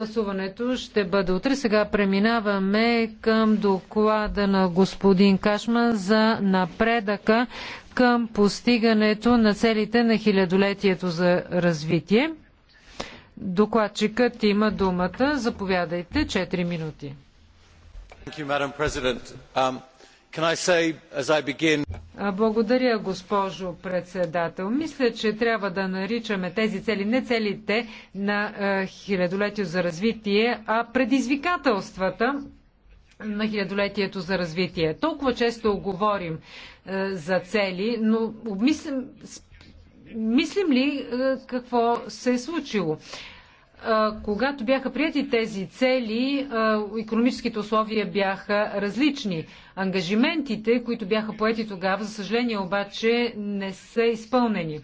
Гласуването ще бъде утре. Сега преминаваме към доклада на господин Кашман за напредъка към постигането на целите на хилядолетието за развитие. Докладчикът има думата. Заповядайте. 4 минути. Благодаря, госпожо председател. Мисля, че трябва да наричаме тези цели не целите на Хилядолетието за развитие, а предизвикателствата на хилядолетието за развитие. Толкова често говорим за цели, но обмислим, мислим ли какво се е случило? когато бяха прияти тези цели, економическите условия бяха различни. Ангажиментите, които бяха поети тогава, за съжаление обаче не са изпълнени.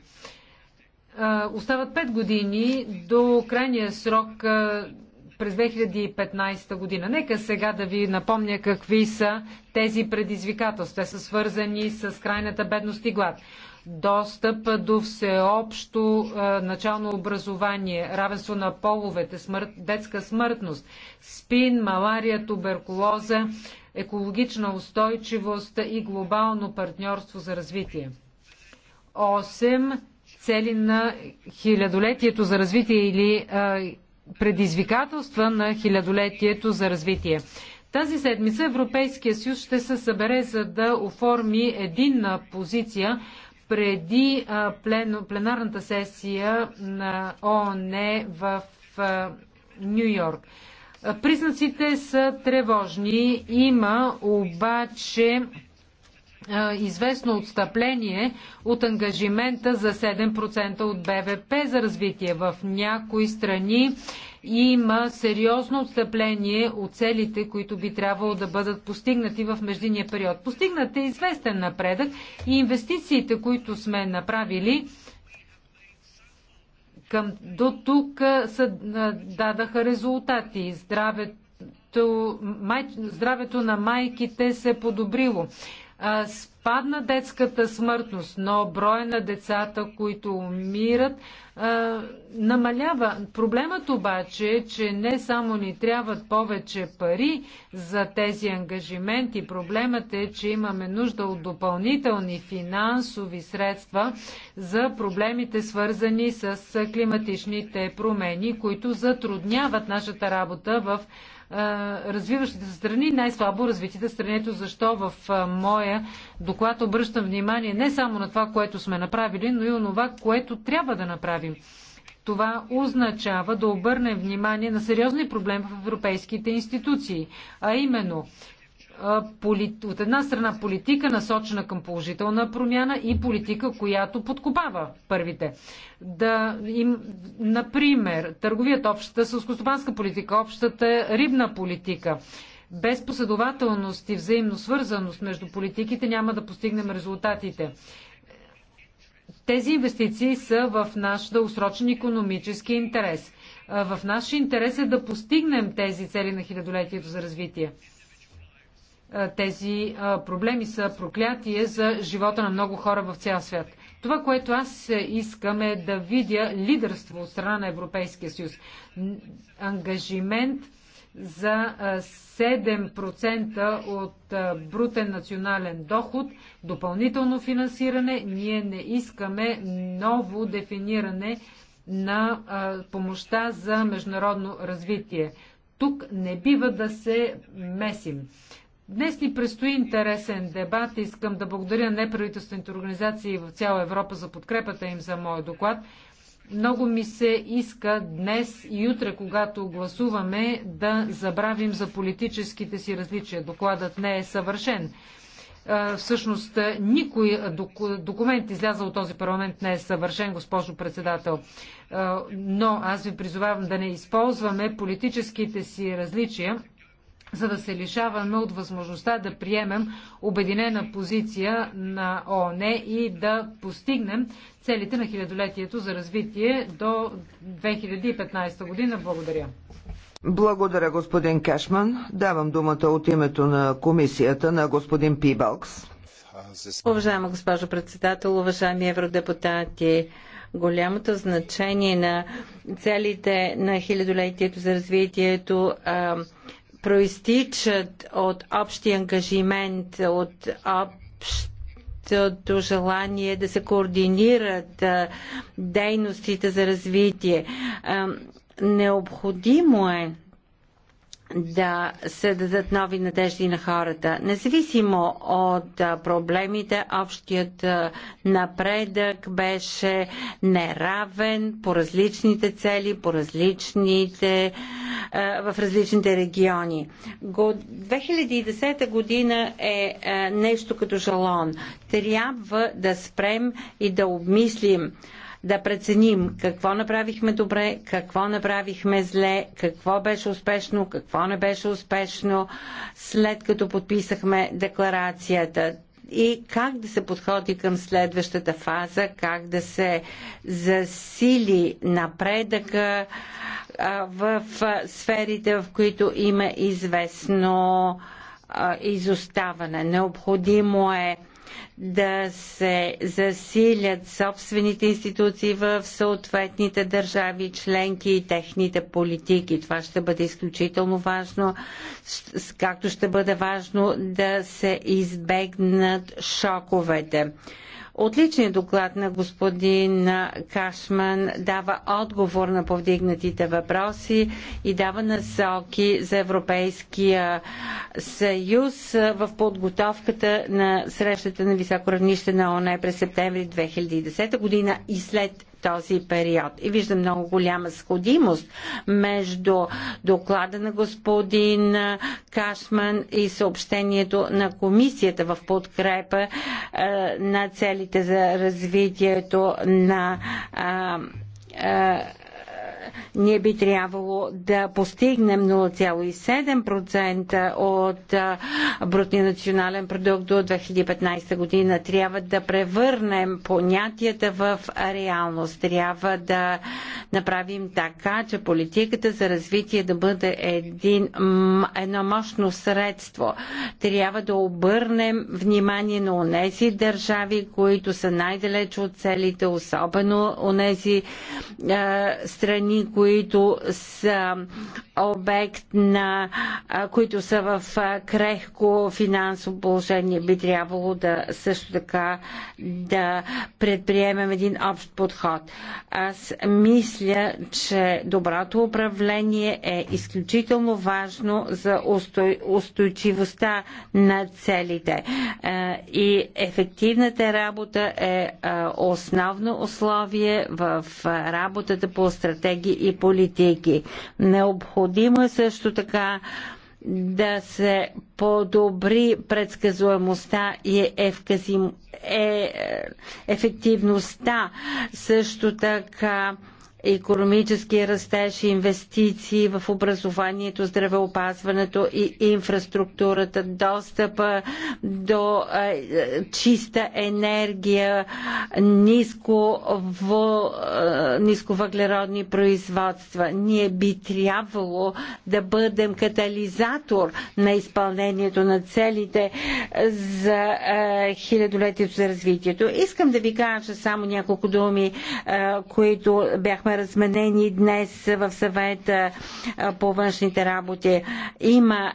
Остават 5 години до крайния срок през 2015 година. Нека сега да ви напомня какви са тези предизвикателства. Те са свързани с крайната бедност и глад достъп до всеобщо начално образование, равенство на половете, смърт, детска смъртност, спин, малария, туберкулоза, екологична устойчивост и глобално партньорство за развитие. 8. Цели на хилядолетието за развитие или а, предизвикателства на хилядолетието за развитие. Тази седмица Европейския съюз ще се събере за да оформи единна позиция преди плен, пленарната сесия на ООН в Нью Йорк. Признаците са тревожни. Има обаче известно отстъпление от ангажимента за 7% от БВП за развитие. В някои страни има сериозно отстъпление от целите, които би трябвало да бъдат постигнати в междинния период. Постигнат е известен напредък и инвестициите, които сме направили към, до тук са, дадаха резултати. Здравето, май, здравето на майките се е подобрило спадна детската смъртност, но броя на децата, които умират, намалява. Проблемът обаче е, че не само ни трябват повече пари за тези ангажименти, проблемът е, че имаме нужда от допълнителни финансови средства за проблемите свързани с климатичните промени, които затрудняват нашата работа в развиващите се страни, най-слабо развитите страни. Ето защо в моя доклад обръщам внимание не само на това, което сме направили, но и на това, което трябва да направим. Това означава да обърнем внимание на сериозни проблеми в европейските институции, а именно от една страна политика насочена към положителна промяна и политика, която подкопава първите. Да им, например, търговият общата, сълскостопанска политика, общата рибна политика. Без последователност и взаимно свързаност между политиките няма да постигнем резултатите. Тези инвестиции са в наш дългосрочен економически интерес. В наш интерес е да постигнем тези цели на хилядолетието за развитие тези проблеми са проклятие за живота на много хора в цял свят. Това, което аз е, искам е да видя лидерство от страна на Европейския съюз. Ангажимент за 7% от брутен национален доход, допълнително финансиране. Ние не искаме ново дефиниране на помощта за международно развитие. Тук не бива да се месим. Днес ни предстои интересен дебат. Искам да благодаря неправителствените организации в цяла Европа за подкрепата им за моят доклад. Много ми се иска днес и утре, когато гласуваме, да забравим за политическите си различия. Докладът не е съвършен. Всъщност, никой документ излязъл от този парламент не е съвършен, госпожо председател. Но аз ви призовавам да не използваме политическите си различия за да се лишаваме от възможността да приемем обединена позиция на ООН и да постигнем целите на хилядолетието за развитие до 2015 година. Благодаря. Благодаря, господин Кешман. Давам думата от името на комисията на господин Пибалкс. Уважаема госпожо председател, уважаеми евродепутати, голямото значение на целите на хилядолетието за развитието а, проистичат от общи ангажимент, от общото желание да се координират дейностите за развитие. Необходимо е да се дадат нови надежди на хората. Независимо от проблемите, общият напредък беше неравен по различните цели, по различните, в различните региони. 2010 година е нещо като жалон. Трябва да спрем и да обмислим да преценим какво направихме добре, какво направихме зле, какво беше успешно, какво не беше успешно, след като подписахме декларацията и как да се подходи към следващата фаза, как да се засили напредъка в сферите, в които има известно изоставане. Необходимо е да се засилят собствените институции в съответните държави членки и техните политики. Това ще бъде изключително важно, както ще бъде важно да се избегнат шоковете. Отличният доклад на господин Кашман дава отговор на повдигнатите въпроси и дава насоки за Европейския съюз в подготовката на срещата на високо равнище на ОНЕ през септември 2010 година и след този период. И виждам много голяма сходимост между доклада на господин Кашман и съобщението на комисията в подкрепа е, на целите за развитието на ние би трябвало да постигнем 0,7% от брутния национален продукт до 2015 година. Трябва да превърнем понятията в реалност. Трябва да направим така, че политиката за развитие да бъде един, едно мощно средство. Трябва да обърнем внимание на онези държави, които са най-далеч от целите, особено онези е, страни, които са обект на, които са в крехко финансово положение, би трябвало да също така да предприемем един общ подход. Аз мисля, че доброто управление е изключително важно за устой, устойчивостта на целите. И ефективната работа е основно условие в работата по стратегия и политики. Необходимо е също така да се подобри предсказуемостта и е, е, ефективността. Също така економически растеж, инвестиции в образованието, здравеопазването и инфраструктурата, достъпа до чиста енергия, ниско в, нисковъглеродни производства. Ние би трябвало да бъдем катализатор на изпълнението на целите за хилядолетието за развитието. Искам да ви кажа само няколко думи, които бяхме разменени днес в съвета по външните работи. Има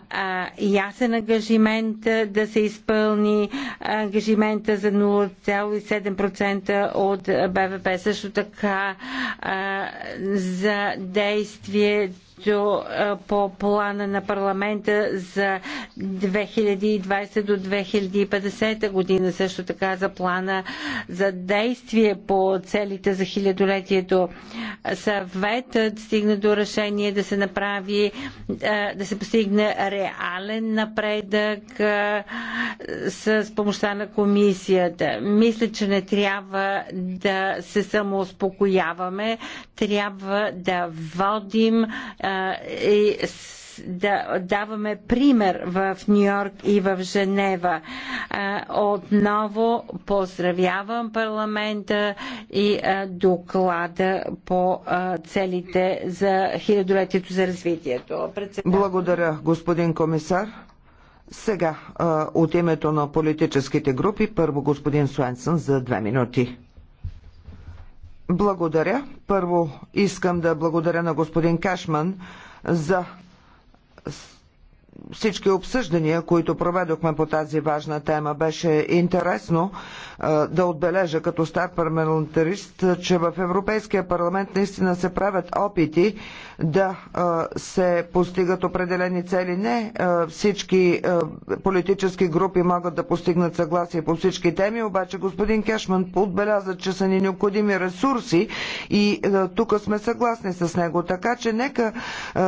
ясен ангажимент да се изпълни ангажимента за 0,7% от БВП. Също така за действието също по плана на парламента за 2020 до 2050 година, също така за плана за действие по целите за хилядолетието. Съветът стигна до решение да се направи, да се постигне реален напредък с помощта на комисията. Мисля, че не трябва да се самоуспокояваме, трябва да водим и да даваме пример в Нью Йорк и в Женева. Отново поздравявам парламента и доклада по целите за хилядолетието за развитието. Председател... Благодаря, господин комисар. Сега от името на политическите групи, първо господин Суенсън за две минути. Благодаря. Първо искам да благодаря на господин Кашман за всички обсъждания, които проведохме по тази важна тема. Беше интересно е, да отбележа като стар парламентарист, че в Европейския парламент наистина се правят опити да е, се постигат определени цели. Не е, всички политически групи могат да постигнат съгласие по всички теми, обаче господин Кешман отбеляза, че са ни необходими ресурси и тук сме съгласни с него. Така че нека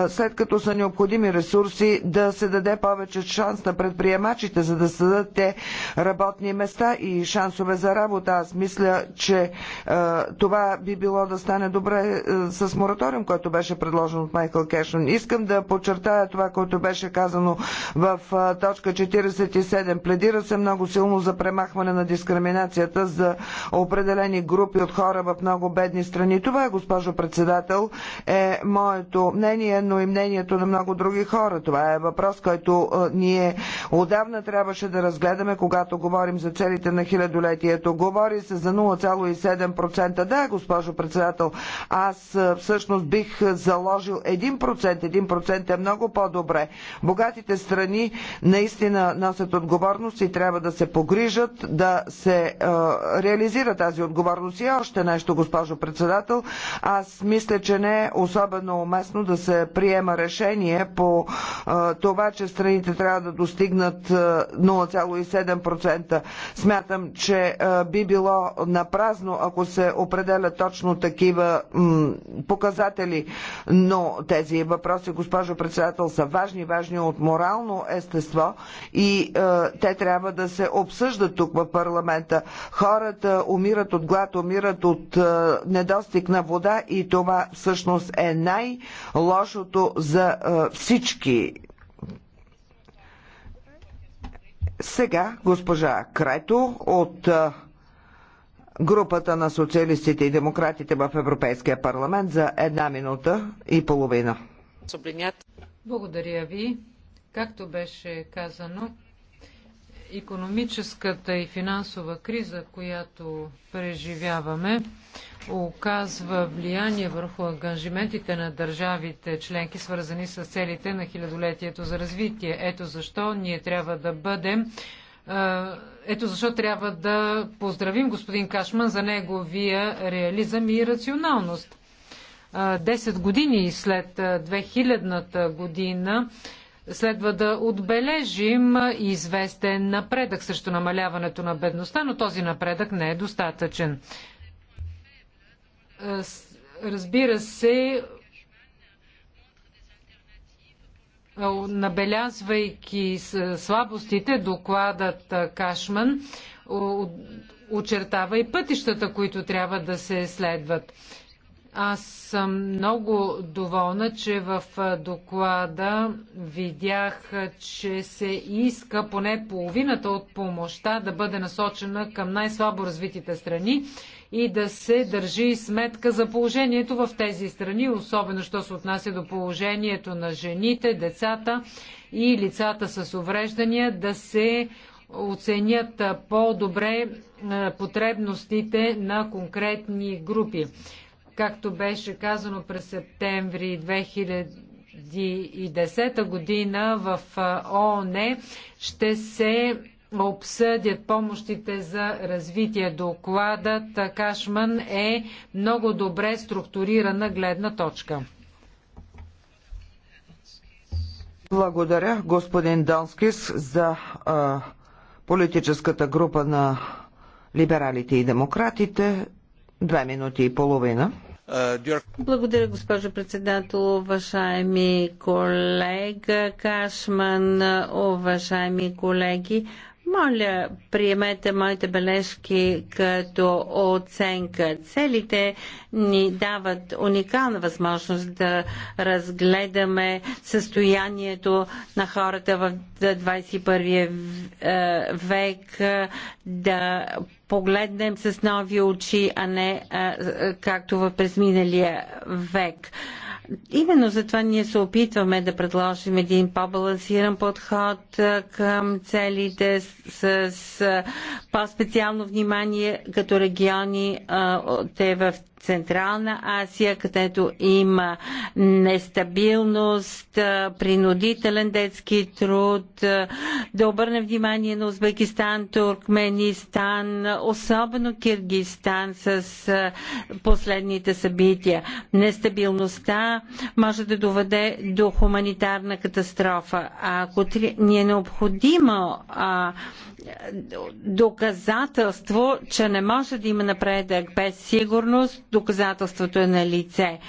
след като са необходими ресурси да се даде повече шанс на предприемачите, за да създадат те работни места и шансове за работа. Аз мисля, че е, това би било да стане добре е, с мораториум, който беше предложен от Майкъл Кешн. Искам да подчертая това, което беше казано в е, точка 47. Пледира се много силно за премахване на дискриминацията за определени групи от хора в много бедни страни. Това, госпожо председател, е моето мнение, но и мнението на много други хора. Това е въпрос въпрос, който е, ние отдавна трябваше да разгледаме, когато говорим за целите на хилядолетието. Говори се за 0,7%. Да, госпожо председател, аз е, всъщност бих заложил 1%. 1% е много по-добре. Богатите страни наистина носят отговорност и трябва да се погрижат да се е, реализира тази отговорност. И още нещо, госпожо председател. Аз мисля, че не е особено уместно да се приема решение по това, това, че страните трябва да достигнат 0,7%. Е, Смятам, че е, би било напразно, ако се определят точно такива показатели. Но тези въпроси, госпожо председател, са важни, важни от морално естество и е, те трябва да се обсъждат тук в парламента. Хората умират от глад, умират от недостиг на вода и това всъщност е най-лошото за всички Сега госпожа Крето от групата на социалистите и демократите в Европейския парламент за една минута и половина. Благодаря ви. Както беше казано, Економическата и финансова криза, която преживяваме, оказва влияние върху ангажиментите на държавите членки, свързани с целите на хилядолетието за развитие. Ето защо ние трябва да бъдем ето защо трябва да поздравим господин Кашман за неговия реализъм и рационалност. Десет години след 2000-та година Следва да отбележим известен напредък срещу намаляването на бедността, но този напредък не е достатъчен. Е, разбира се, е, набелязвайки слабостите, докладът е, Кашман очертава и пътищата, които трябва да се следват. Аз съм много доволна, че в доклада видях, че се иска поне половината от помощта да бъде насочена към най-слабо развитите страни и да се държи сметка за положението в тези страни, особено що се отнася до положението на жените, децата и лицата с увреждания, да се оценят по-добре потребностите на конкретни групи както беше казано през септември 2010 година в ООН, ще се обсъдят помощите за развитие. Докладът Кашман е много добре структурирана гледна точка. Благодаря, господин Донскис, за а, политическата група на либералите и демократите. Две минути и половина. Благодаря, госпожо председател, уважаеми колега Кашман, уважаеми колеги. Моля, приемете моите бележки като оценка. Целите ни дават уникална възможност да разгледаме състоянието на хората в 21 е, век, да погледнем с нови очи, а не а, както в през миналия век. Именно затова ние се опитваме да предложим един по-балансиран подход към целите с, с по-специално внимание като региони те в Централна Азия, където има нестабилност, принудителен детски труд, да обърнем внимание на Узбекистан, Туркменистан, особено Киргистан с последните събития. Нестабилността може да доведе до хуманитарна катастрофа. ако ни е необходимо доказателство, че не може да има напредък без сигурност, доказателството е на лице.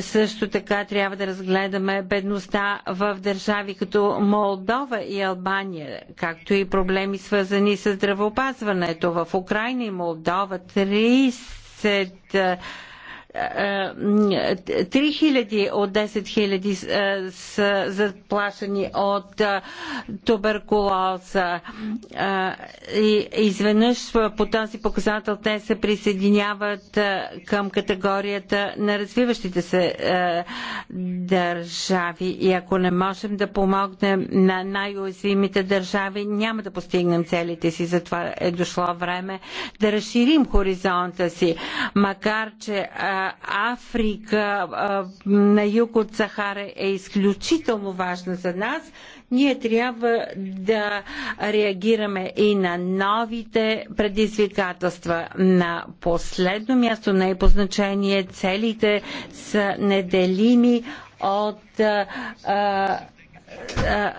Също така трябва да разгледаме бедността в държави като Молдова и Албания, както и проблеми свързани с здравеопазването. В Украина и Молдова 30 3000 от 10 000 е, са заплашени от е, туберкулоза. Е, и изведнъж по този показател те се присъединяват към категорията на развиващите се държави. И ако не можем да помогнем на най-уязвимите държави, няма да постигнем целите си. Затова е дошло време да разширим хоризонта си. Макар, че а, Африка на юг от Сахара е изключително важна за нас. Ние трябва да реагираме и на новите предизвикателства. На последно място, най е по значение, целите са неделими от а, а,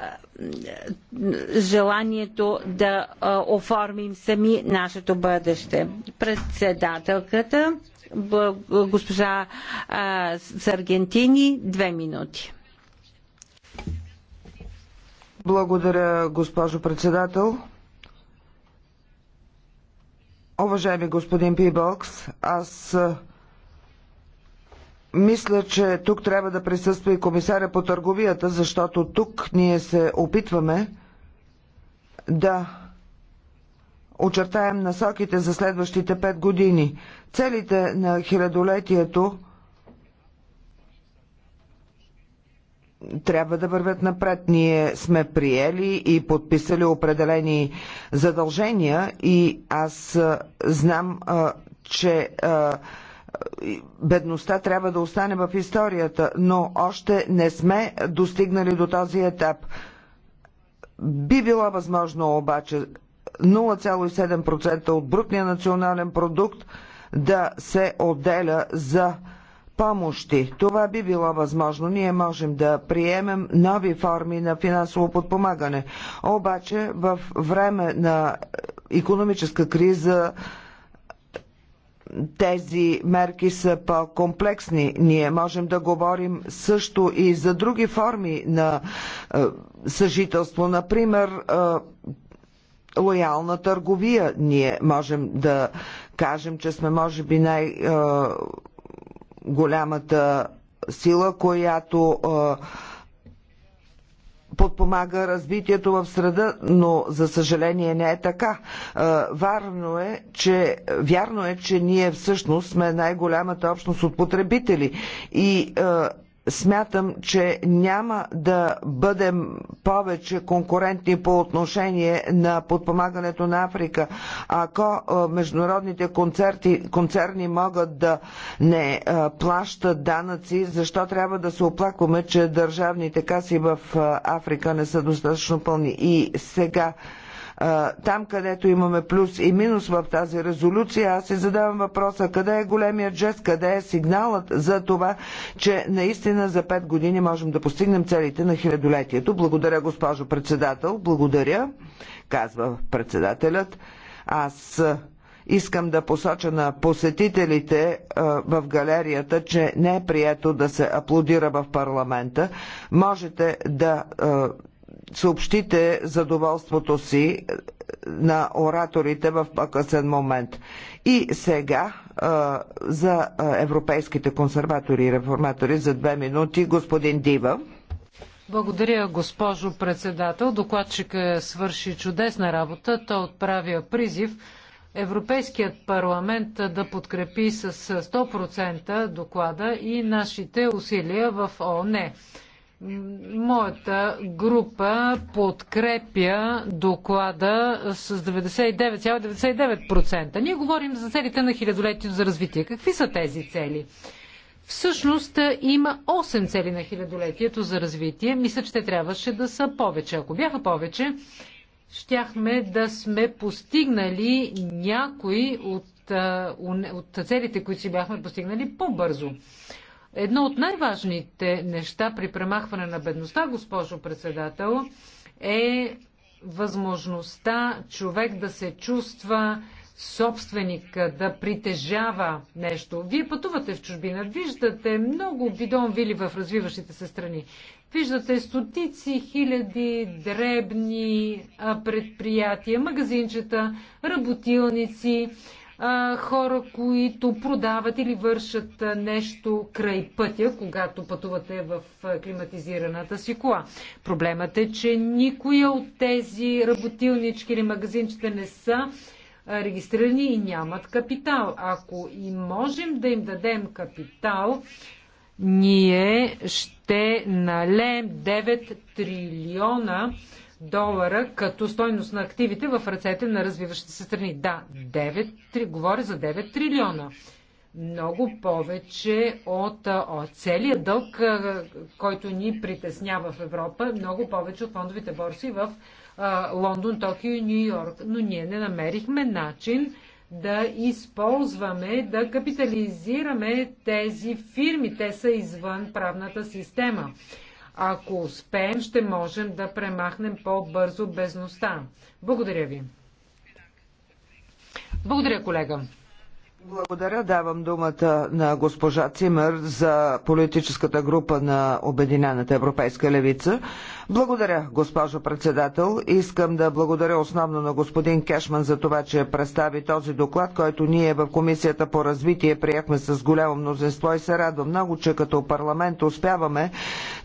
желанието да оформим сами нашето бъдеще. Председателката Госпожа Саргентини, две минути. Благодаря, госпожо председател. Уважаеми господин Пибълкс, аз мисля, че тук трябва да присъства и комисаря по търговията, защото тук ние се опитваме да очертаем насоките за следващите пет години. Целите на хилядолетието трябва да вървят напред. Ние сме приели и подписали определени задължения и аз знам, че бедността трябва да остане в историята, но още не сме достигнали до този етап. Би било възможно обаче 0,7% от брутния национален продукт да се отделя за помощи. Това би било възможно. Ние можем да приемем нови форми на финансово подпомагане. Обаче в време на економическа криза тези мерки са по-комплексни. Ние можем да говорим също и за други форми на е, съжителство. Например, е, лоялна търговия. Ние можем да кажем, че сме може би най-голямата сила, която подпомага развитието в среда, но за съжаление не е така. Вярно е, че, вярно е, че ние всъщност сме най-голямата общност от потребители и смятам, че няма да бъдем повече конкурентни по отношение на подпомагането на Африка. Ако международните концерти, концерни могат да не плащат данъци, защо трябва да се оплакваме, че държавните каси в Африка не са достатъчно пълни? И сега там, където имаме плюс и минус в тази резолюция, аз си задавам въпроса къде е големия жест, къде е сигналът за това, че наистина за 5 години можем да постигнем целите на хилядолетието. Благодаря, госпожо председател. Благодаря, казва председателят. Аз Искам да посоча на посетителите в галерията, че не е прието да се аплодира в парламента. Можете да съобщите задоволството си е, на ораторите в по-късен момент. И сега е, за е, европейските консерватори и реформатори за две минути господин Дива. Благодаря, госпожо председател. Докладчика свърши чудесна работа. Той отправя призив Европейският парламент да подкрепи с 100% доклада и нашите усилия в ООН. Моята група подкрепя доклада с 99,99%. ,99%. Ние говорим за целите на хилядолетието за развитие. Какви са тези цели? Всъщност има 8 цели на хилядолетието за развитие. Мисля, че те трябваше да са повече. Ако бяха повече, щяхме да сме постигнали някои от, от целите, които си бяхме постигнали по-бързо. Едно от най-важните неща при премахване на бедността, госпожо председател, е възможността човек да се чувства собственика, да притежава нещо. Вие пътувате в чужбина, виждате много бидон вили в развиващите се страни. Виждате стотици хиляди дребни предприятия, магазинчета, работилници, а, хора, които продават или вършат нещо край пътя, когато пътувате в климатизираната си кола. Проблемът е, че никоя от тези работилнички или магазинчета не са регистрирани и нямат капитал. Ако и можем да им дадем капитал, ние ще налем 9 трилиона долара като стойност на активите в ръцете на развиващите се страни. Да, 9, 3, говоря за 9 трилиона. Много повече от, от целия дълг, който ни притеснява в Европа, много повече от фондовите борси в Лондон, Токио и Нью Йорк. Но ние не намерихме начин да използваме, да капитализираме тези фирми. Те са извън правната система. Ако успеем, ще можем да премахнем по-бързо безността. Благодаря ви. Благодаря, колега. Благодаря. Давам думата на госпожа Цимър за политическата група на Обединената европейска левица. Благодаря, госпожо председател. Искам да благодаря основно на господин Кешман за това, че представи този доклад, който ние в Комисията по развитие приехме с голямо мнозинство и се радвам много, че като парламент успяваме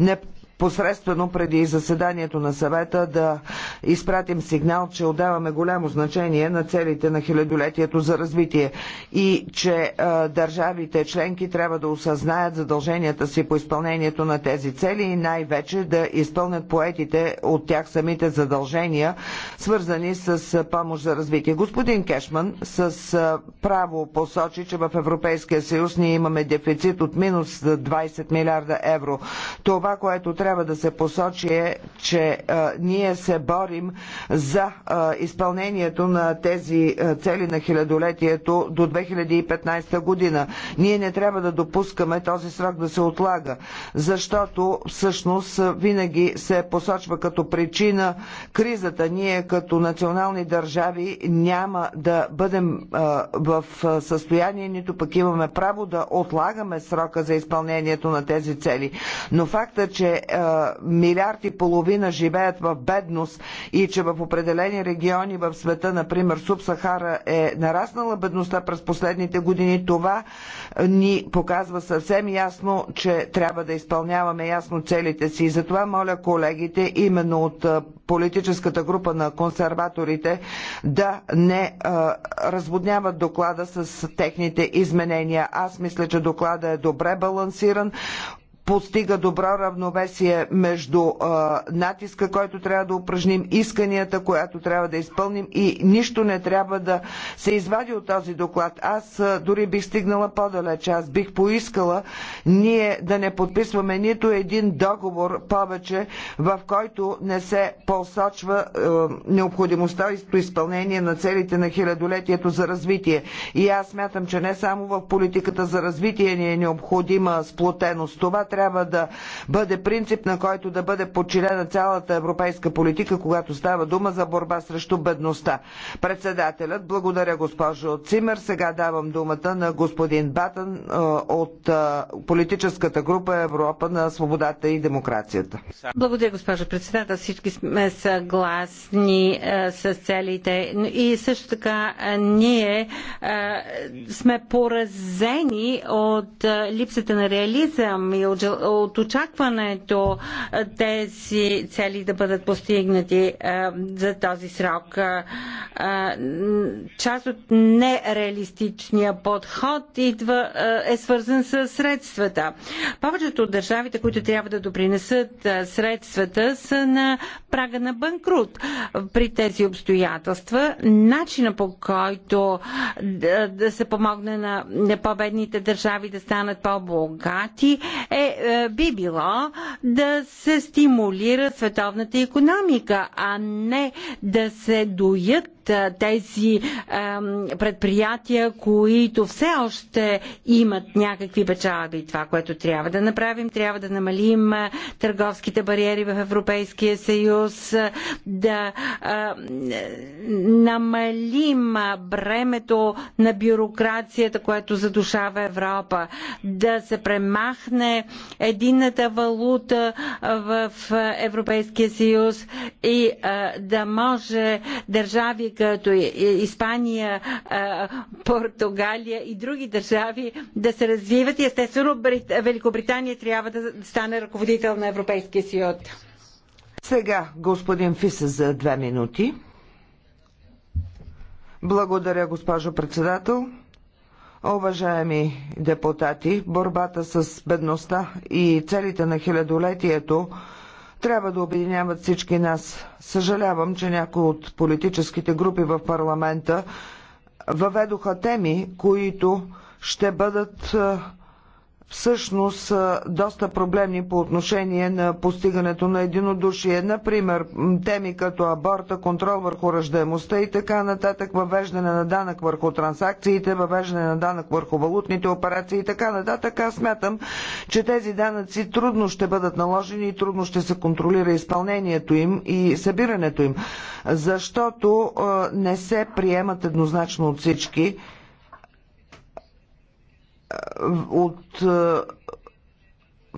не посредствено преди заседанието на съвета да изпратим сигнал, че отдаваме голямо значение на целите на хилядолетието за развитие и че а, държавите членки трябва да осъзнаят задълженията си по изпълнението на тези цели и най-вече да изпълнят поетите от тях самите задължения, свързани с помощ за развитие. Господин Кешман с право посочи, че в Европейския съюз ние имаме дефицит от минус 20 милиарда евро. Това, което трябва трябва да се посочи е, че а, ние се борим за а, изпълнението на тези а, цели на хилядолетието до 2015 година. Ние не трябва да допускаме този срок да се отлага, защото всъщност винаги се посочва като причина кризата. Ние като национални държави няма да бъдем а, в състояние, нито пък имаме право да отлагаме срока за изпълнението на тези цели. Но факта, че а, Милиарди и половина живеят в бедност и че в определени региони в света, например Субсахара, е нараснала бедността през последните години, това ни показва съвсем ясно, че трябва да изпълняваме ясно целите си. И затова моля колегите именно от политическата група на консерваторите да не а, разводняват доклада с техните изменения. Аз мисля, че доклада е добре балансиран постига добро равновесие между а, натиска, който трябва да упражним, исканията, която трябва да изпълним и нищо не трябва да се извади от този доклад. Аз а, дори бих стигнала по-далеч. Аз бих поискала ние да не подписваме нито един договор повече, в който не се посочва а, необходимостта и изпълнение на целите на хилядолетието за развитие. И аз смятам, че не само в политиката за развитие ни е необходима сплотеност. Това трябва да бъде принцип, на който да бъде подчинена цялата европейска политика, когато става дума за борба срещу бедността. Председателят, благодаря госпожо Цимер. Сега давам думата на господин Батън от политическата група Европа на свободата и демокрацията. Благодаря, госпожо председател. Всички сме съгласни с целите. И също така ние сме поразени от липсата на реализъм и от от очакването тези цели да бъдат постигнати за този срок. Част от нереалистичния подход идва, е свързан с средствата. Повечето от държавите, които трябва да допринесат средствата, са на прага на банкрут. При тези обстоятелства, начина по който да се помогне на по-бедните държави да станат по-богати е е, би било да се стимулира световната економика, а не да се доят тези предприятия, които все още имат някакви печалби. Това, което трябва да направим, трябва да намалим търговските бариери в Европейския съюз, да намалим бремето на бюрокрацията, което задушава Европа, да се премахне единната валута в Европейския съюз и да може държави като е, е, Испания, Португалия и други държави да се развиват и естествено Великобритания трябва да стане ръководител на Европейския съюз. Сега господин Фиса за две минути. Благодаря, госпожо председател. Уважаеми депутати, борбата с бедността и целите на хилядолетието трябва да обединяват всички нас. Съжалявам, че някои от политическите групи в парламента въведоха теми, които ще бъдат всъщност доста проблемни по отношение на постигането на единодушие. Например, теми като аборта, контрол върху ръждаемостта и така нататък, въвеждане на данък върху транзакциите, въвеждане на данък върху валутните операции и така нататък. Аз смятам, че тези данъци трудно ще бъдат наложени и трудно ще се контролира изпълнението им и събирането им, защото не се приемат еднозначно от всички от е,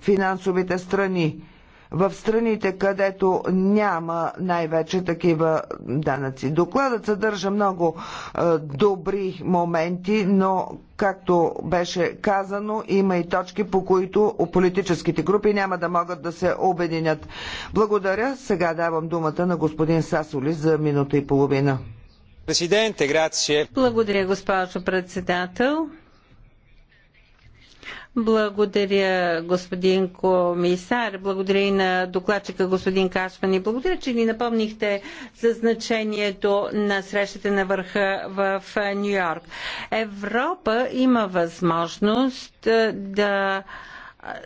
финансовите страни. В страните, където няма най-вече такива данъци. Докладът съдържа много е, добри моменти, но както беше казано, има и точки, по които политическите групи няма да могат да се обединят. Благодаря. Сега давам думата на господин Сасоли за минута и половина. Благодаря, госпожо председател. Благодаря, господин комисар. Благодаря и на докладчика господин Кашман. И благодаря, че ни напомнихте за значението на срещата на върха в Нью Йорк. Европа има възможност да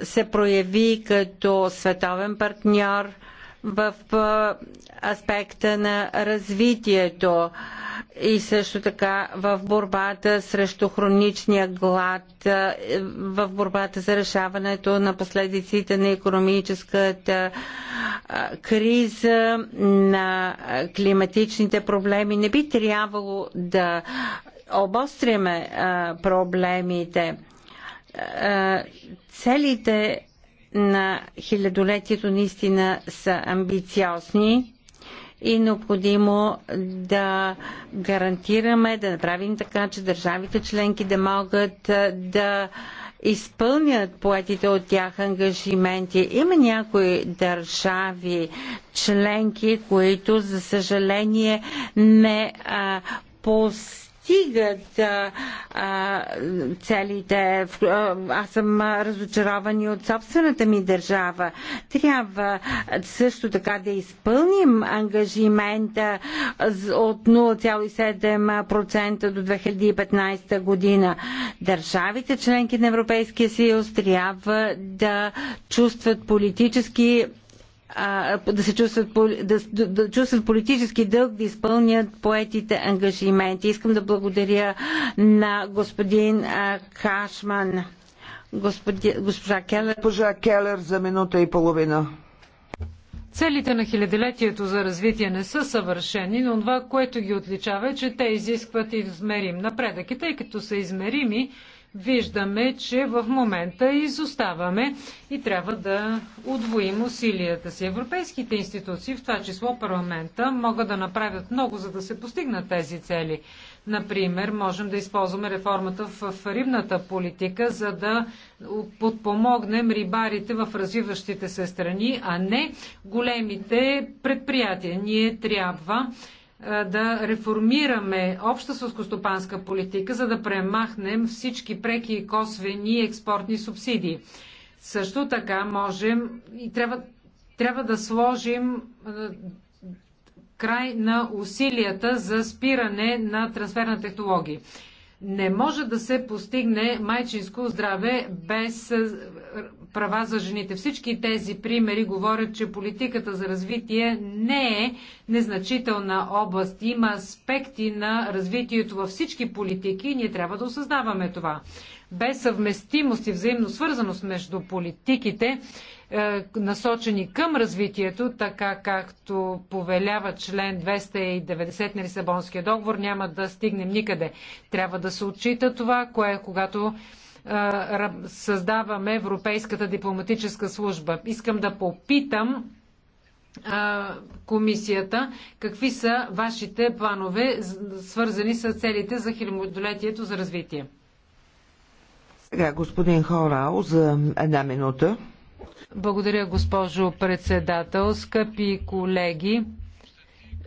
се прояви като световен партньор – в аспекта на развитието и също така в борбата срещу хроничния глад, в борбата за решаването на последиците на економическата криза, на климатичните проблеми. Не би трябвало да обостряме проблемите целите на хилядолетието наистина са амбициозни и необходимо да гарантираме, да направим така, че държавите членки да могат да изпълнят поетите от тях ангажименти. Има някои държави членки, които, за съжаление, не а, пост постигат а, целите. Аз съм разочарован и от собствената ми държава. Трябва също така да изпълним ангажимента от 0,7% до 2015 година. Държавите членки на Европейския съюз трябва да чувстват политически а, да се чувстват, да, да чувстват политически дълг да изпълнят поетите ангажименти. Искам да благодаря на господин а, Кашман. Господи, госпожа Келер. Госпожа Келер за минута и половина. Целите на хилядилетието за развитие не са съвършени, но това, което ги отличава е, че те изискват измерим напредък. И тъй като са измерими, виждаме, че в момента изоставаме и трябва да удвоим усилията си. Европейските институции, в това число парламента, могат да направят много, за да се постигнат тези цели. Например, можем да използваме реформата в рибната политика, за да подпомогнем рибарите в развиващите се страни, а не големите предприятия. Ние трябва е, да реформираме обща сълскостопанска политика, за да премахнем всички преки и косвени експортни субсидии. Също така можем и трябва, трябва да сложим е, край на усилията за спиране на трансферна технология. Не може да се постигне майчинско здраве без е, права за жените. Всички тези примери говорят, че политиката за развитие не е незначителна област. Има аспекти на развитието във всички политики и ние трябва да осъзнаваме това. Без съвместимост и взаимно свързаност между политиките, е, насочени към развитието, така както повелява член 290 на Лисабонския договор, няма да стигнем никъде. Трябва да се отчита това, кое когато е, създаваме Европейската дипломатическа служба. Искам да попитам е, комисията, какви са вашите планове, свързани с целите за хилядолетието за развитие? Сега господин Хорал за една минута. Благодаря, госпожо председател. Скъпи колеги,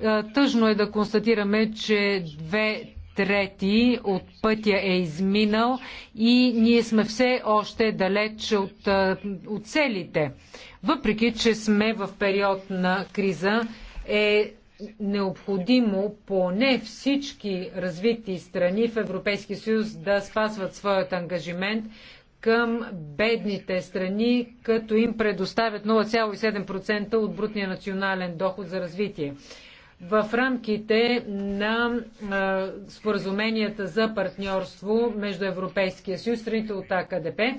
е, тъжно е да констатираме, че две трети от пътя е изминал и ние сме все още далеч от, е, от целите. Въпреки, че сме в период на криза, е необходимо поне всички развити страни в Европейския съюз да спазват своят ангажимент към бедните страни, като им предоставят 0,7% от брутния национален доход за развитие. В рамките на споразуменията за партньорство между Европейския съюз, страните от АКДП,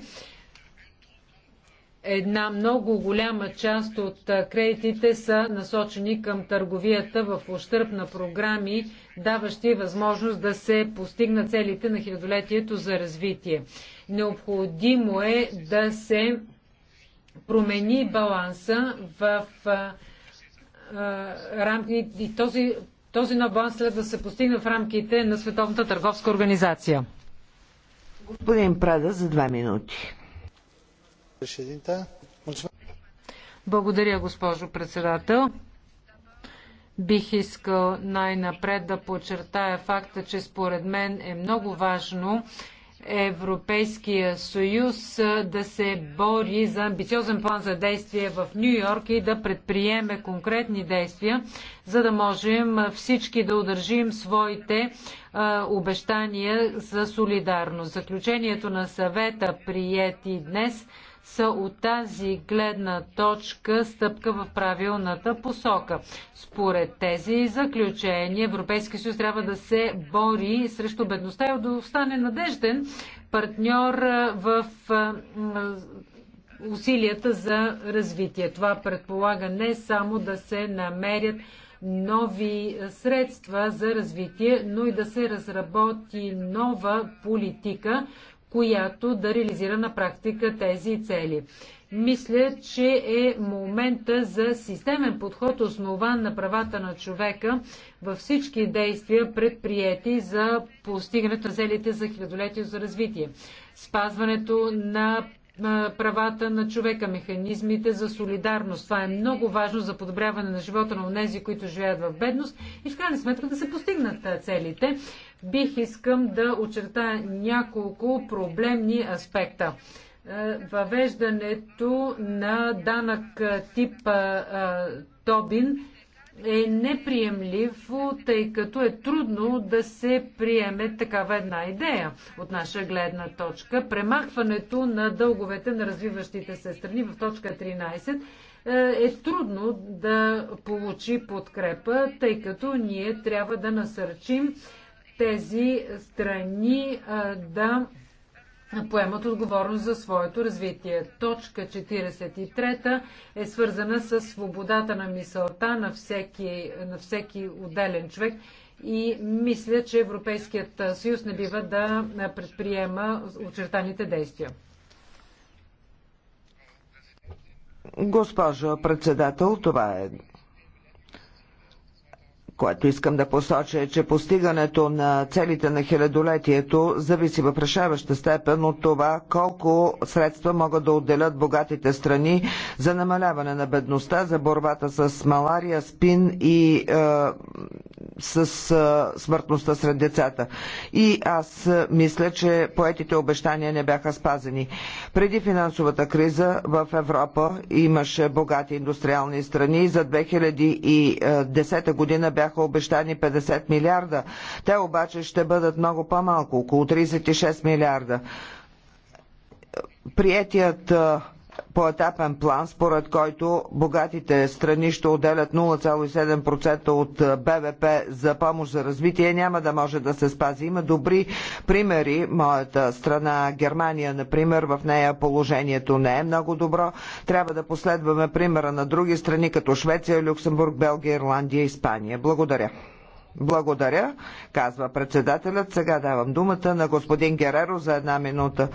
една много голяма част от кредитите са насочени към търговията в ощърп на програми, даващи възможност да се постигнат целите на хилядолетието за развитие. Необходимо е да се промени баланса в рамки и този, този нов баланс следва да се постигне в рамките на Световната търговска организация. Господин Прада за два минути. Благодаря, госпожо председател. Бих искал най-напред да подчертая факта, че според мен е много важно Европейския съюз да се бори за амбициозен план за действие в Нью Йорк и да предприеме конкретни действия, за да можем всички да удържим своите а, обещания за солидарност. Заключението на съвета, приети днес, са от тази гледна точка стъпка в правилната посока. Според тези заключения Европейския съюз трябва да се бори срещу бедността и да остане надежден партньор в усилията за развитие. Това предполага не само да се намерят нови средства за развитие, но и да се разработи нова политика, която да реализира на практика тези цели. Мисля, че е момента за системен подход, основан на правата на човека във всички действия предприяти за постигането на целите за хилядолетие за развитие. Спазването на правата на човека, механизмите за солидарност. Това е много важно за подобряване на живота на тези, които живеят в бедност и в крайна сметка да се постигнат целите. Бих искам да очертая няколко проблемни аспекта. Въвеждането на данък тип Тобин е неприемливо, тъй като е трудно да се приеме такава една идея от наша гледна точка. Премахването на дълговете на развиващите се страни в точка 13 е, е трудно да получи подкрепа, тъй като ние трябва да насърчим тези страни да поемат отговорност за своето развитие. Точка 43 е свързана с свободата на мисълта на всеки, на всеки отделен човек и мисля, че Европейският съюз не бива да предприема очертаните действия. Госпожо председател, това е което искам да посоча е, че постигането на целите на хилядолетието зависи в решаваща степен от това колко средства могат да отделят богатите страни за намаляване на бедността, за борбата с малария, спин и е, с а, смъртността сред децата. И аз а, мисля, че поетите обещания не бяха спазени. Преди финансовата криза в Европа имаше богати индустриални страни. За 2010 година бяха обещани 50 милиарда. Те обаче ще бъдат много по-малко, около 36 милиарда. Приетият а, поетапен план, според който богатите страни ще отделят 0,7% от БВП за помощ за развитие, няма да може да се спази. Има добри примери. Моята страна Германия, например, в нея положението не е много добро. Трябва да последваме примера на други страни, като Швеция, Люксембург, Белгия, Ирландия, Испания. Благодаря. Благодаря, казва председателят. Сега давам думата на господин Гереро за една минута.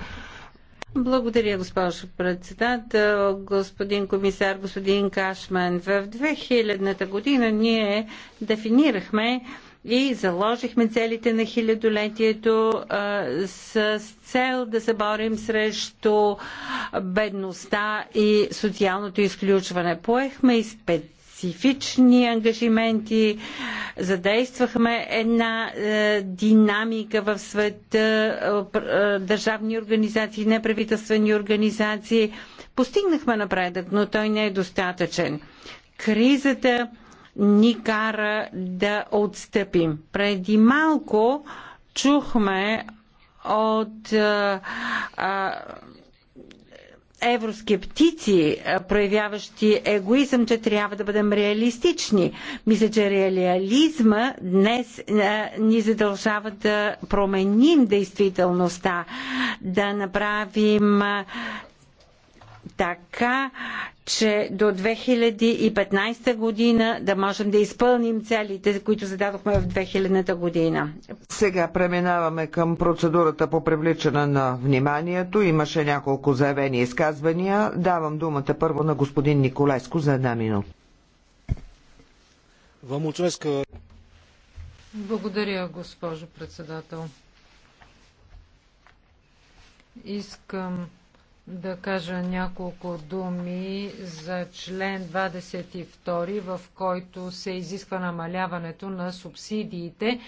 Благодаря, госпожо председател, господин комисар, господин Кашман. В 2000-та година ние дефинирахме и заложихме целите на хилядолетието с цел да се борим срещу бедността и социалното изключване. Поехме и спет специфични ангажименти, задействахме една е, динамика в света, е, е, държавни организации, неправителствени организации. Постигнахме напредък, но той не е достатъчен. Кризата ни кара да отстъпим. Преди малко чухме от Е, е евроскептици, проявяващи егоизъм, че трябва да бъдем реалистични. Мисля, че реализма днес ни задължава да променим действителността, да направим така, че до 2015 година да можем да изпълним целите, които зададохме в 2000-та година. Сега преминаваме към процедурата по привличане на вниманието. Имаше няколко заявени изказвания. Давам думата първо на господин Николайско за една минута. Благодаря, госпожо председател. Искам да кажа няколко думи за член 22, в който се изисква намаляването на субсидиите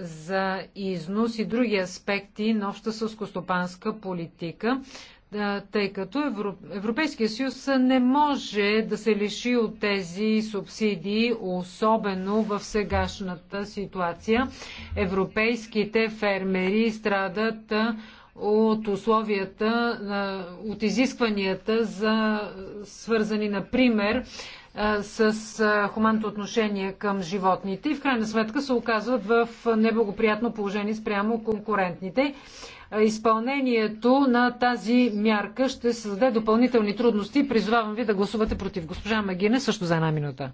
за износ и други аспекти на обща съскостопанска политика, тъй като Европейския съюз не може да се лиши от тези субсидии, особено в сегашната ситуация. Европейските фермери страдат от условията, от изискванията за свързани, например, с хуманното отношение към животните и в крайна сметка се оказват в неблагоприятно положение спрямо конкурентните. Изпълнението на тази мярка ще създаде допълнителни трудности. Призвавам ви да гласувате против. Госпожа Магина също за една минута.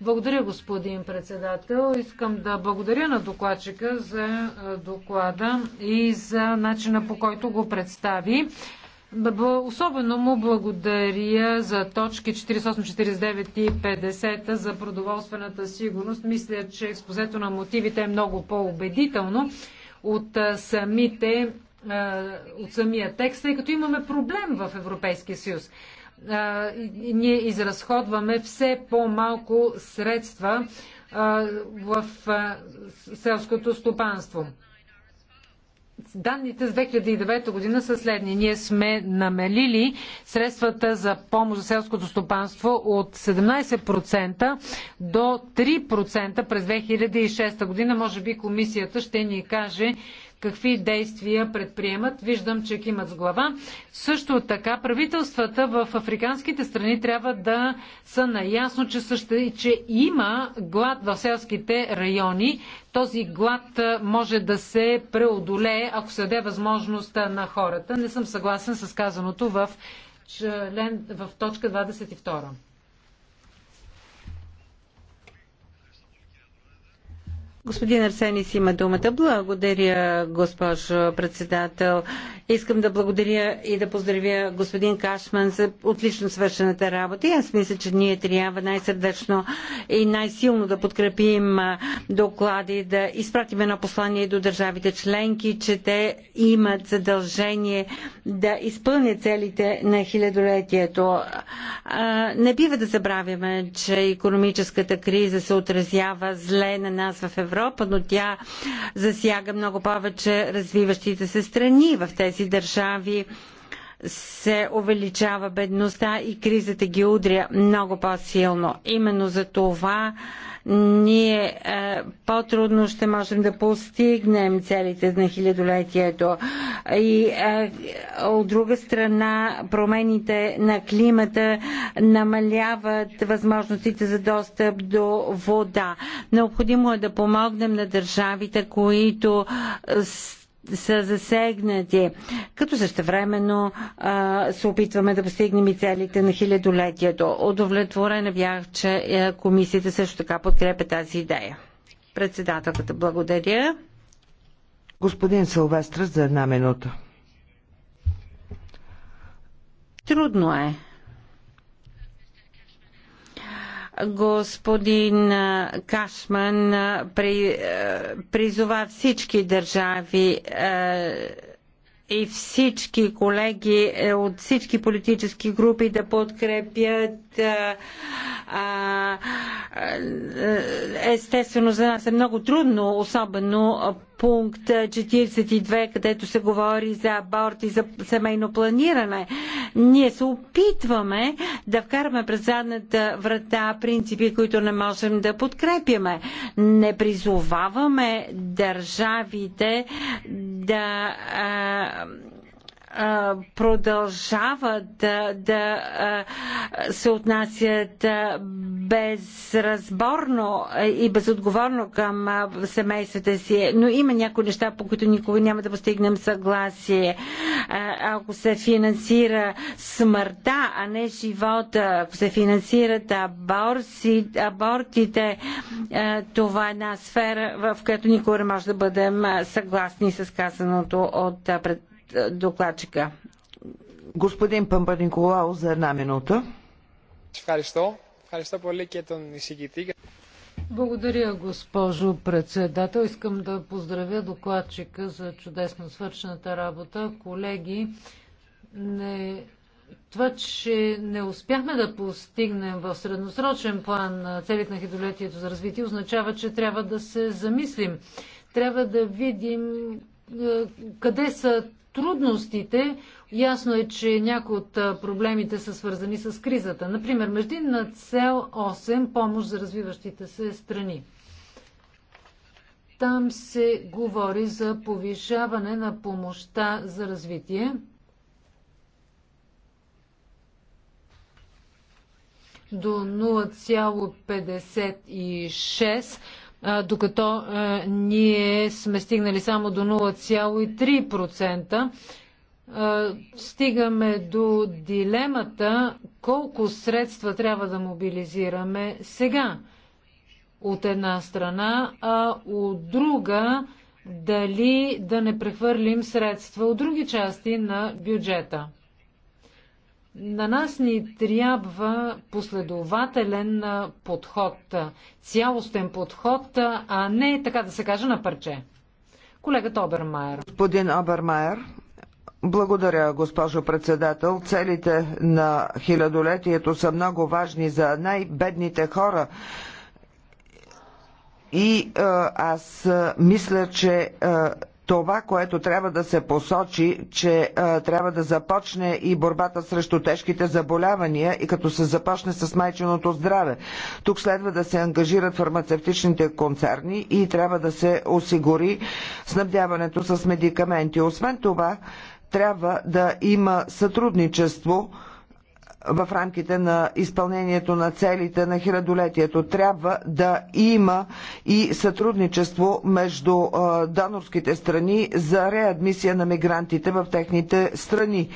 Благодаря, господин председател. Искам да благодаря на докладчика за доклада и за начина по който го представи. Особено му благодаря за точки 48, 49 и 50 за продоволствената сигурност. Мисля, че експозето на мотивите е много по-убедително от самите от самия текст, тъй като имаме проблем в Европейския съюз а, ние изразходваме все по-малко средства а, в а, селското стопанство. Данните с 2009 година са следни. Ние сме намалили средствата за помощ за селското стопанство от 17% до 3% през 2006 година. Може би комисията ще ни каже какви действия предприемат. Виждам, че кимат с глава. Също така правителствата в африканските страни трябва да са наясно, че, съще, че има глад в селските райони. Този глад може да се преодолее, ако се даде възможност на хората. Не съм съгласен с казаното в, член, в точка 22. Господин Арсенис има думата. Благодаря, госпожо председател. Искам да благодаря и да поздравя господин Кашман за отлично свършената работа. И аз мисля, че ние трябва най-сърдечно и най-силно да подкрепим доклади, да изпратим едно послание до държавите членки, че те имат задължение да изпълнят целите на хилядолетието. Не бива да забравяме, че економическата криза се отразява зле на нас в Европа, но тя засяга много повече развиващите се страни в тези тези държави се увеличава бедността и кризата ги удря много по-силно. Именно за това ние е, по-трудно ще можем да постигнем целите на хилядолетието. И е, от друга страна, промените на климата намаляват възможностите за достъп до вода. Необходимо е да помогнем на държавите, които е, са засегнати, като същевременно а, се опитваме да постигнем и целите на хилядолетието. Удовлетворена бях, че е, комисията също така подкрепя тази идея. Председателката, благодаря. Господин Силвестра, за една минута. Трудно е господин Кашман призова всички държави и всички колеги е, от всички политически групи да подкрепят. Естествено, за нас е много трудно, особено пункт 42, където се говори за аборт и за семейно планиране. Ние се опитваме да вкараме през задната врата принципи, които не можем да подкрепяме. Не призоваваме държавите да а, продължават да, да се отнасят безразборно и безотговорно към семействата си. Но има някои неща, по които никога няма да постигнем съгласие. Ако се финансира смъртта, а не живота, ако се финансират аборси, абортите, това е една сфера, в която никога не може да бъдем съгласни с казаното от пред докладчика. Господин Пампаниколао за една минута. Благодаря, госпожо председател. Искам да поздравя докладчика за чудесно свършената работа. Колеги, не... това, че не успяхме да постигнем в средносрочен план целите на хидролетието за развитие, означава, че трябва да се замислим. Трябва да видим къде са трудностите. Ясно е, че някои от проблемите са свързани с кризата. Например, междинна цел 8 помощ за развиващите се страни. Там се говори за повишаване на помощта за развитие. до 0,56 докато ние сме стигнали само до 0,3%. Стигаме до дилемата колко средства трябва да мобилизираме сега от една страна, а от друга дали да не прехвърлим средства от други части на бюджета. На нас ни трябва последователен подход, цялостен подход, а не, така да се каже, на парче. Колегата Обермайер. Господин Обермайер, благодаря, госпожо председател. Целите на хилядолетието са много важни за най-бедните хора. И а, аз мисля, че а, това, което трябва да се посочи, че а, трябва да започне и борбата срещу тежките заболявания и като се започне с майченото здраве. Тук следва да се ангажират фармацевтичните концерни и трябва да се осигури снабдяването с медикаменти. Освен това, трябва да има сътрудничество в рамките на изпълнението на целите на хилядолетието. Трябва да има и сътрудничество между донорските страни за реадмисия на мигрантите в техните страни.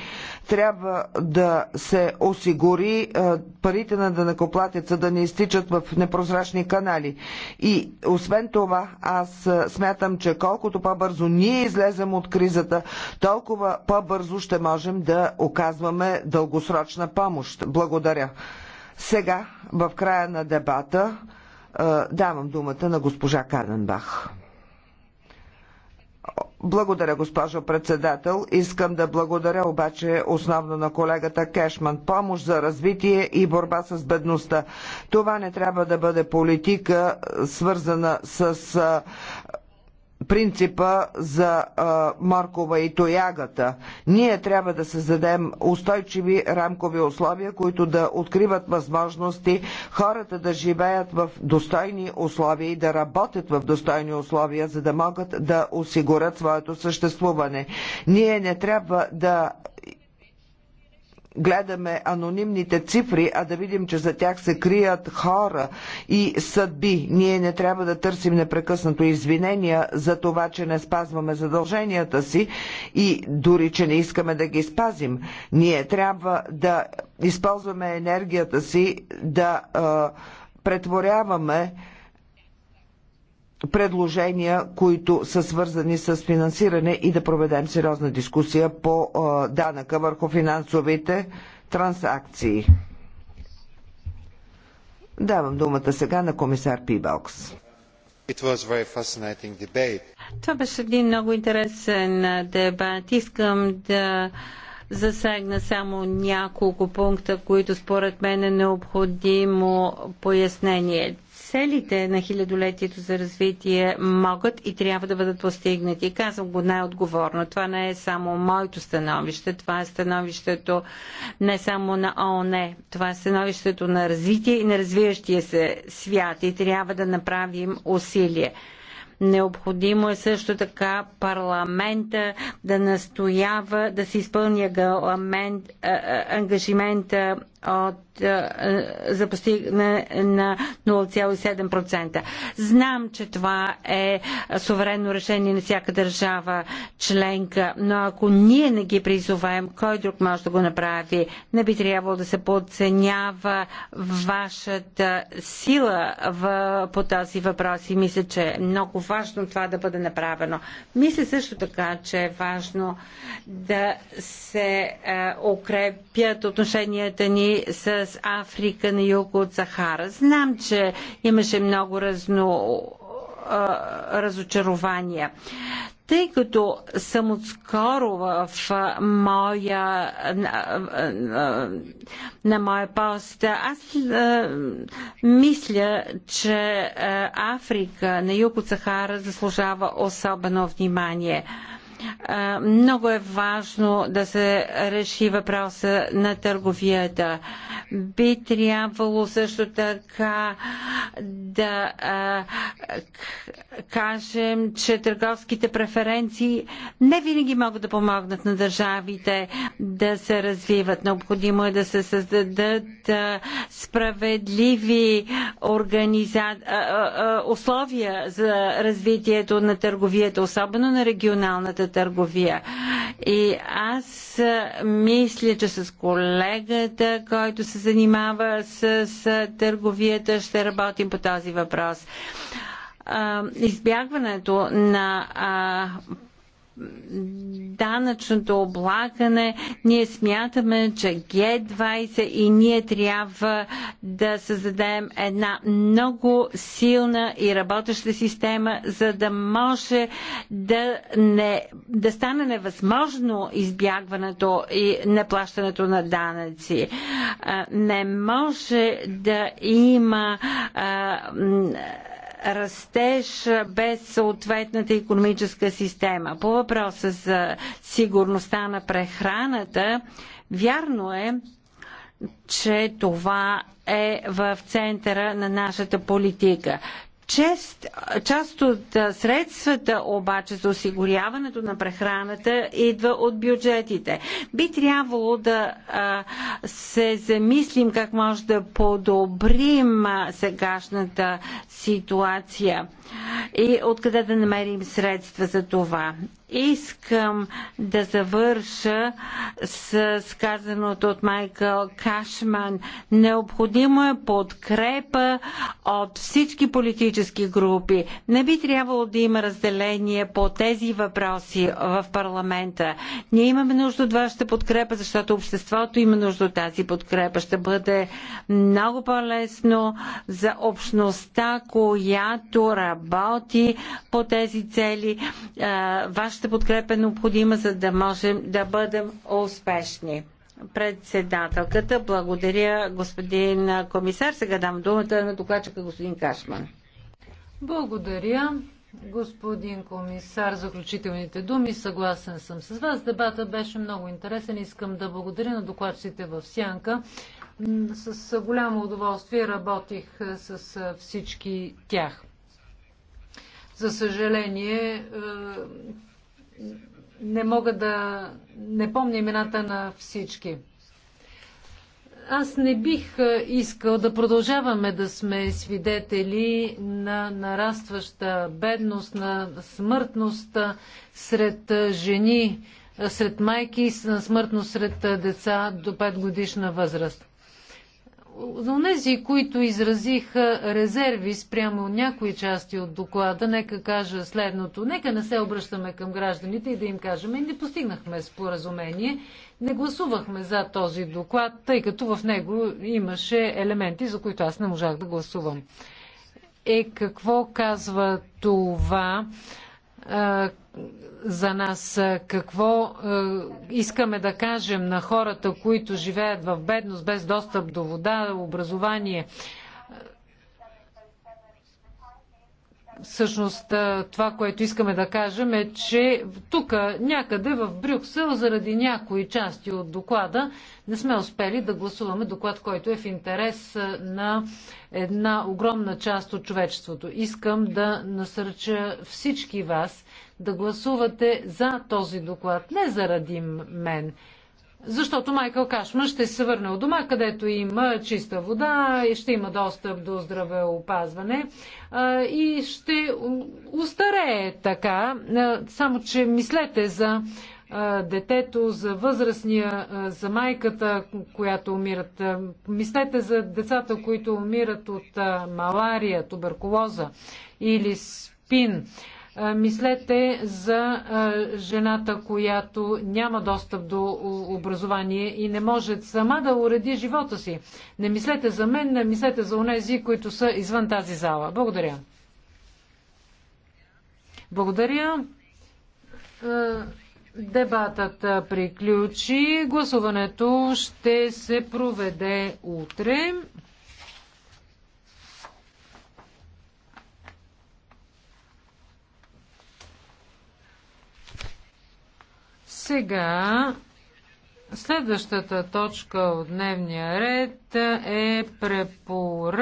Трябва да се осигури е, парите на данакоплатеца да не изтичат в непрозрачни канали. И освен това, аз е, смятам, че колкото по-бързо ние излезем от кризата, толкова по-бързо ще можем да оказваме дългосрочна помощ. Благодаря. Сега, в края на дебата, е, давам думата на госпожа Каденбах. Благодаря, госпожо председател. Искам да благодаря обаче основно на колегата Кешман. Помощ за развитие и борба с бедността. Това не трябва да бъде политика, свързана с принципа за а, моркова и тоягата. Ние трябва да създадем устойчиви рамкови условия, които да откриват възможности хората да живеят в достойни условия и да работят в достойни условия, за да могат да осигурят своето съществуване. Ние не трябва да гледаме анонимните цифри, а да видим, че за тях се крият хора и съдби. Ние не трябва да търсим непрекъснато извинения за това, че не спазваме задълженията си и дори, че не искаме да ги спазим. Ние трябва да използваме енергията си, да претворяваме предложения, които са свързани с финансиране и да проведем сериозна дискусия по данъка върху финансовите трансакции. Давам думата сега на комисар Пибалкс. Това беше един много интересен дебат. Искам да засегна само няколко пункта, които според мен е необходимо пояснение. Целите на хилядолетието за развитие могат и трябва да бъдат постигнати. Казвам го най-отговорно. Това не е само моето становище, това е становището не само на ООН, това е становището на развитие и на развиващия се свят и трябва да направим усилие. Необходимо е също така парламента да настоява да се изпълни ангажимента от, е, е, за постигане на 0,7%. Знам, че това е суверенно решение на всяка държава членка, но ако ние не ги призовем, кой друг може да го направи? Не би трябвало да се подценява вашата сила в, по този въпрос и мисля, че е много важно това да бъде направено. Мисля също така, че е важно да се е, укрепят отношенията ни с Африка на юг от Сахара. Знам, че имаше много разно разочарования. Тъй като съм отскоро в моя, на, на моя пост, аз а, мисля, че Африка на юг от Сахара заслужава особено внимание. А, много е важно да се реши въпроса на търговията. Би трябвало също така да кажем, че търговските преференции не винаги могат да помогнат на държавите да се развиват. Необходимо е да се създадат справедливи организа... условия за развитието на търговията, особено на регионалната търговия. И аз мисля, че с колегата, който се занимава с, с търговията, ще работим по този въпрос избягването на данъчното облагане, ние смятаме, че Г20 и ние трябва да създадем една много силна и работеща система, за да може да, не, да стане невъзможно избягването и неплащането на данъци. Не може да има растеж без съответната економическа система. По въпроса за сигурността на прехраната, вярно е, че това е в центъра на нашата политика. Чест, част от средствата обаче за осигуряването на прехраната идва от бюджетите. Би трябвало да а, се замислим как може да подобрим сегашната ситуация и откъде да намерим средства за това. Искам да завърша с казаното от Майкъл Кашман. Необходимо е подкрепа от всички политически политически групи. Не би трябвало да има разделение по тези въпроси в парламента. Ние имаме нужда от вашата подкрепа, защото обществото има нужда от тази подкрепа. Ще бъде много по-лесно за общността, която работи по тези цели. Е, вашата подкрепа е необходима, за да можем да бъдем успешни председателката. Благодаря, господин комисар. Сега дам думата на докладчика господин Кашман. Благодаря, господин комисар, заключителните думи. Съгласен съм с вас. Дебата беше много интересен. Искам да благодаря на докладчите в Сянка. С голямо удоволствие работих е, с е, всички тях. За съжаление, е, не мога да не помня имената на всички. Аз не бих искал да продължаваме да сме свидетели на нарастваща бедност, на смъртност сред жени, сред майки, на смъртност сред деца до 5 годишна възраст. За тези, които изразиха резерви спрямо някои части от доклада, нека кажа следното. Нека не се обръщаме към гражданите и да им кажем, не постигнахме споразумение, не гласувахме за този доклад, тъй като в него имаше елементи, за които аз не можах да гласувам. Е, какво казва това? за нас, какво искаме да кажем на хората, които живеят в бедност, без достъп до вода, образование, Всъщност това, което искаме да кажем е, че тук някъде в Брюксел заради някои части от доклада не сме успели да гласуваме доклад, който е в интерес на една огромна част от човечеството. Искам да насърча всички вас да гласувате за този доклад, не заради мен. Защото Майкъл Кашман ще се върне от дома, където има чиста вода, ще има достъп до здравеопазване и ще устарее така. Само, че мислете за детето, за възрастния, за майката, която умират. Мислете за децата, които умират от малария, туберкулоза или спин. Мислете за жената, която няма достъп до образование и не може сама да уреди живота си. Не мислете за мен, не мислете за онези, които са извън тази зала. Благодаря. Благодаря. Дебатът приключи. Гласуването ще се проведе утре. Сега следващата точка от дневния ред е препоръка